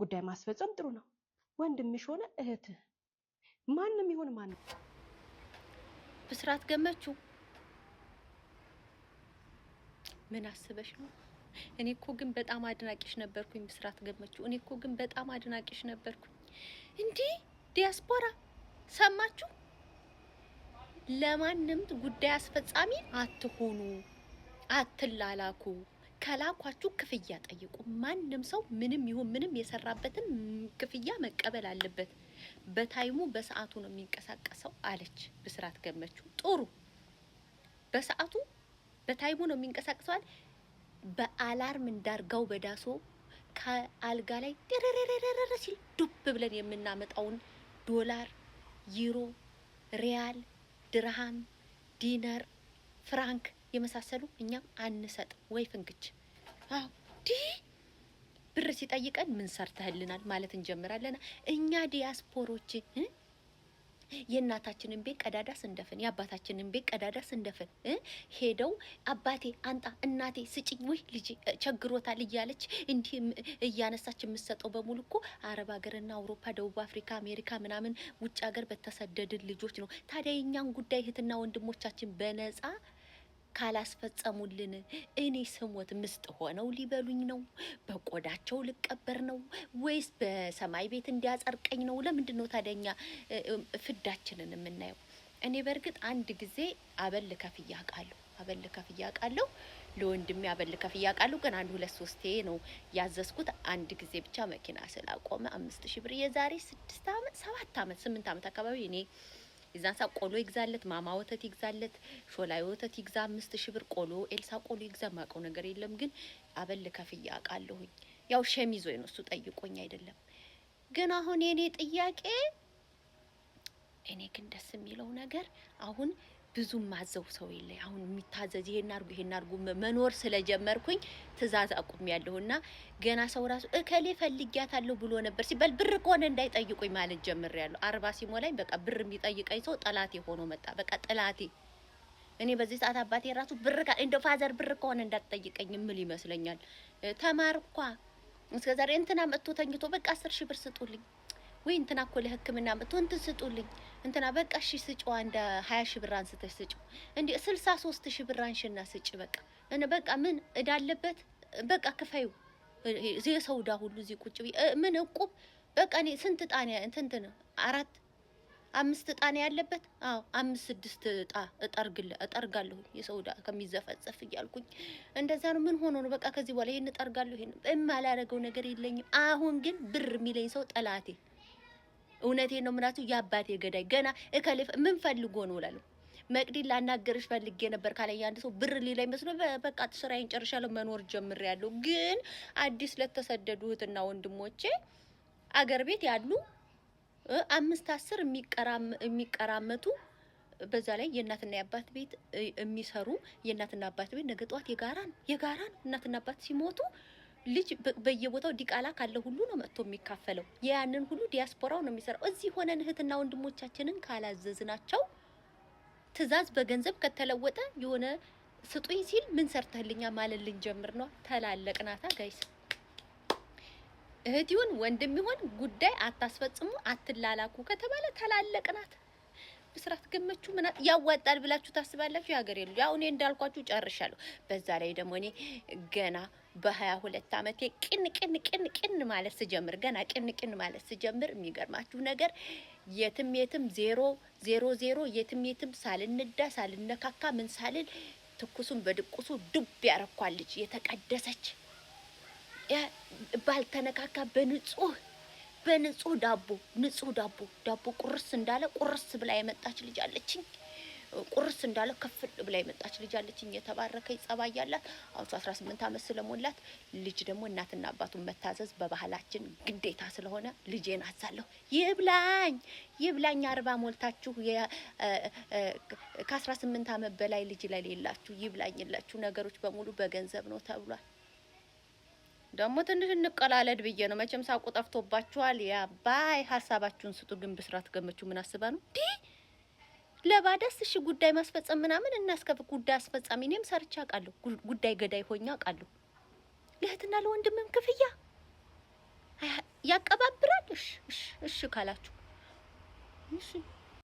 ጉዳይ ማስፈጸም ጥሩ ነው። ወንድምሽ ሆነ እህትህ ማንም ይሁን ማንም ብስራት ገመችው ምን አስበሽ ነው? እኔ እኮ ግን በጣም አድናቂሽ ነበርኩኝ ብስራት ገመችው። እኔ እኮ ግን በጣም አድናቂሽ ነበርኩኝ። እንዲህ ዲያስፖራ ሰማችሁ? ለማንም ጉዳይ አስፈጻሚ አትሆኑ፣ አትላላኩ። ከላኳችሁ ክፍያ ጠይቁ። ማንም ሰው ምንም ይሁን ምንም የሰራበትን ክፍያ መቀበል አለበት። በታይሙ በሰዓቱ ነው የሚንቀሳቀሰው አለች ብስራት ገመችው። ጥሩ በሰዓቱ በታይሙ ነው የሚንቀሳቀሰዋል። በአላርም እንዳርጋው በዳሶ ከአልጋ ላይ ደረረረረረ ሲል ዱብ ብለን የምናመጣውን ዶላር፣ ዩሮ፣ ሪያል፣ ድርሃም፣ ዲነር፣ ፍራንክ የመሳሰሉ እኛም አንሰጥ ወይ ፍንክች አውዲ ብር ሲጠይቀን ምን ሰርተህልናል ማለት እንጀምራለን። እኛ ዲያስፖሮች የእናታችንን ቤት ቀዳዳ ስንደፍን የአባታችንን ቤት ቀዳዳ ስንደፍን ሄደው አባቴ አንጣ እናቴ ስጭኝ ወይ ልጅ ቸግሮታል እያለች እንዲህ እያነሳች የምትሰጠው በሙሉ እኮ አረብ ሀገርና አውሮፓ፣ ደቡብ አፍሪካ፣ አሜሪካ ምናምን ውጭ ሀገር በተሰደድን ልጆች ነው። ታዲያ የእኛን ጉዳይ እህትና ወንድሞቻችን በነጻ ካላስፈጸሙልን እኔ ስሞት ምስጥ ሆነው ሊበሉኝ ነው? በቆዳቸው ልቀበር ነው ወይስ በሰማይ ቤት እንዲያጸድቀኝ ነው? ለምንድን ነው ታደኛ ፍዳችንን የምናየው? እኔ በእርግጥ አንድ ጊዜ አበል ከፍያ አውቃለሁ፣ አበል ከፍያ አውቃለሁ፣ ለወንድሜ አበል ከፍያ አውቃለሁ። ግን አንድ ሁለት ሶስቴ ነው ያዘዝኩት። አንድ ጊዜ ብቻ መኪና ስላቆመ አምስት ሺ ብር የዛሬ ስድስት ዓመት ሰባት ዓመት ስምንት ዓመት አካባቢ እኔ የዛን ሰዓት ቆሎ ይግዛለት፣ ማማ ወተት ይግዛለት፣ ሾላይ ወተት ይግዛ፣ አምስት ሺህ ብር ቆሎ ኤልሳ ቆሎ ይግዛ። የማውቀው ነገር የለም ግን አበል ከፍያ አውቃለሁኝ። ያው ሸሚዝ ወይ ነው እሱ ጠይቆኝ አይደለም። ግን አሁን የኔ ጥያቄ እኔ ግን ደስ የሚለው ነገር አሁን ብዙ ማዘው ሰው የለ። አሁን የሚታዘዝ ይሄን አርጉ ይሄን አርጉ መኖር ስለጀመርኩኝ ትእዛዝ አቁም ያለሁና ገና ሰው ራሱ እከሌ ፈልጊያታለሁ ብሎ ነበር ሲባል ብር ከሆነ እንዳይጠይቁኝ ማለት ጀምር ያለሁ። አርባ ሲሞላኝ በቃ ብር የሚጠይቀኝ ሰው ጠላቴ ሆኖ መጣ። በቃ ጠላቴ እኔ በዚህ ሰዓት አባቴ ራሱ ብር እንደ ፋዘር ብር ከሆነ እንዳትጠይቀኝ ምል ይመስለኛል። ተማርኳ እስከዛሬ እንትና መጥቶ ተኝቶ በቃ አስር ሺህ ብር ስጡልኝ ወይ እንትና እኮ ለህክምና መጥቶ እንትን ስጡልኝ እንትና በቃ እሺ ስጭዋ እንደ ሀያ ሺህ ብር አንስተሽ ስጭ እንዲ ስልሳ ሶስት ሺህ ብር አንሽና ስጭ በቃ እነ በቃ ምን እዳለበት በቃ ክፈዩ የሰው እዳ ሁሉ እዚህ ቁጭ ምን እቁብ በቃ እኔ ስንት ጣኔ ጣን ነው አራት አምስት ጣኔ ያለበት አዎ አምስት ስድስት ጣ እጠርግለ እጠርጋለሁ የሰው እዳ ከሚዘፈጸፍ እያልኩኝ እንደዛ ነው። ምን ሆኖ ነው በቃ ከዚህ በኋላ ይሄን እጠርጋለሁ ይሄን የማላደርገው ነገር የለኝም። አሁን ግን ብር የሚለኝ ሰው ጠላቴ እውነቴ ነው የምላችሁ። የአባቴ ገዳይ ገና እከልፍ ምን ፈልጎ ነው እላለሁ። መቅዲን ላናገርሽ ፈልጌ ነበር ካለ ያንድ ሰው ብር ሊለኝ መስሎ በቃ ስራዬን ጨርሻለሁ መኖር ጀምሬያለሁ። ግን አዲስ ለተሰደዱ እህትና ወንድሞቼ አገር ቤት ያሉ አምስት አስር የሚቀራመቱ በዛ ላይ የእናትና የአባት ቤት የሚሰሩ የእናትና አባት ቤት ነገ ጠዋት የጋራን የጋራን እናትና አባት ሲሞቱ ልጅ በየቦታው ዲቃላ ካለ ሁሉ ነው መጥቶ የሚካፈለው። ያንን ሁሉ ዲያስፖራው ነው የሚሰራው። እዚህ ሆነን እህትና ወንድሞቻችንን ካላዘዝናቸው ትዕዛዝ በገንዘብ ከተለወጠ የሆነ ስጡኝ ሲል ምን ሰርተህልኛ ማለት ልንጀምር ነው። ናታ ጋይስ። እህት ይሁን ወንድም ይሁን ጉዳይ አታስፈጽሙ፣ አትላላኩ ከተባለ ናት። ብስራት ገመቹ ምና ያዋጣል ብላችሁ ታስባላችሁ? የሀገሬ ልጅ አሁን እንዳልኳችሁ ጨርሻለሁ። በዛ ላይ ደግሞ እኔ ገና በሀያ ሁለት አመቴ ቅን ቅን ቅን ቅን ማለት ስጀምር ገና ቅን ቅን ማለት ስጀምር የሚገርማችሁ ነገር የትም የትም ዜሮ ዜሮ ዜሮ የትም የትም ሳልንዳ ሳልነካካ ምን ሳልል ትኩሱን በድቁሱ ዱብ ያረኳል ልጅ የተቀደሰች ባልተነካካ በንጹህ በንጹህ ዳቦ ንጹህ ዳቦ ዳቦ ቁርስ እንዳለ ቁርስ ብላ የመጣች ልጅ አለችኝ። ቁርስ እንዳለ ከፍል ብላ የመጣች ልጅ አለችኝ። የተባረከ ጸባይ ያላት አሁን 18 ዓመት ስለሞላት ልጅ ደግሞ እናትና አባቱን መታዘዝ በባህላችን ግዴታ ስለሆነ ልጄን አዛለሁ። ይብላኝ ይብላኝ፣ አርባ ሞልታችሁ ከ18 ዓመት በላይ ልጅ ለሌላችሁ ይብላኝላችሁ። ነገሮች በሙሉ በገንዘብ ነው ተብሏል። ደግሞ ትንሽ እንቀላለድ ብዬ ነው። መቼም ሳቁ ጠፍቶባችኋል። የአባይ ሀሳባችሁን ስጡ። ግን ብስራት ገመችው ምን አስባ ነው? ለባዳስ እሺ ጉዳይ ማስፈጸም ምናምን እናስከፍ ጉዳይ አስፈጻሚ እኔም ሰርቼ አውቃለሁ። ጉዳይ ገዳይ ሆኜ አውቃለሁ። ለእህትና ለወንድምም ክፍያ ያቀባብራል። እሺ እሺ እሺ ካላችሁ እሺ